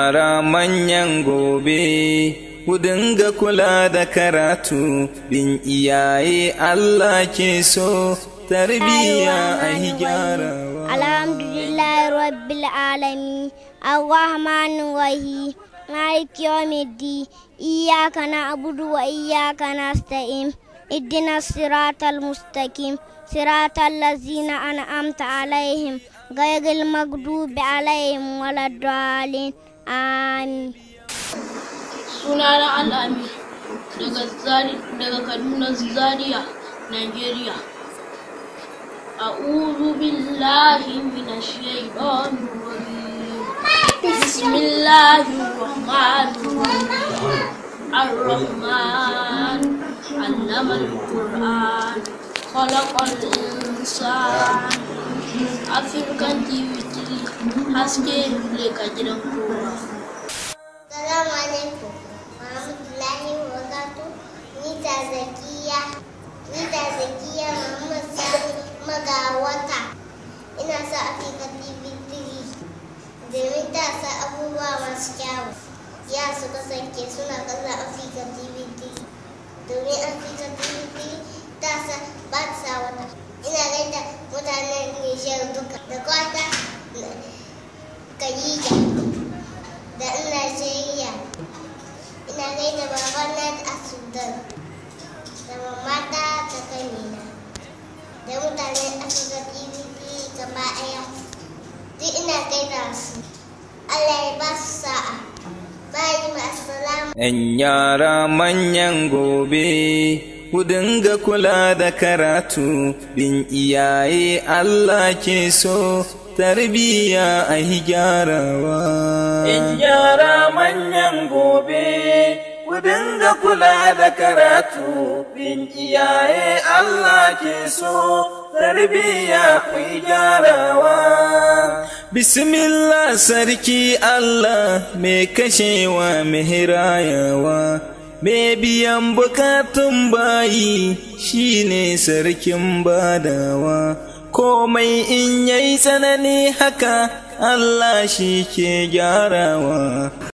ara manyan gobe, ku dinga kula da karatu, bin iyaye Allah ke so, tarbiyya a gyarawa. Alhamdulillah Rabbil Alami, ar wahi Rahi, Malik Yomiddi, Iyaka abudu wa iyaka na sta'im, Iddina siratal mustaqim, siratal lazina an'amta alaihim, gairil magdubi alaihim waladdalin. Amin. دقا الزاري دقا Kaduna Zaria, Nigeria. أعوذ بالله من الشيطان بسم الله الرحمن الرحمن علم القرآن خلق الإنسان أفريقيا haske leka gidan kowa. Salamu alaikum, Muhammadu wa Nita Zakiya, Nita Zakiya Muhammad Sani Magawata. Ina sa Afirka TV 3 domin ta sa abubuwa masu kyawu. Ya su kasance suna kallon Afirka TV 3 domin Afirka TV 3 ta sa ba ta sa wata. Ina gaida mutanen Nijar duka da kwata. Khadija da Najeriya. Ina gaida babana a Sudan da kanina da gaba Duk ina gaida su. Allah ya ba su sa'a. ‘Yan yara manyan gobe. ku dinga kula da karatu bin iyaye Allah ke so tarbiya a higyarawa In gyara manyan gobe, ku dinga kula da karatu, bin iyaye Allah ke so, tarbiya ku gyarawa. Bismillah sarki Allah mai kashewa mai hirayawa. mai biyan bukatun bayi shine sarkin badawa komai in yayi tsanani haka Allah shi ke gyarawa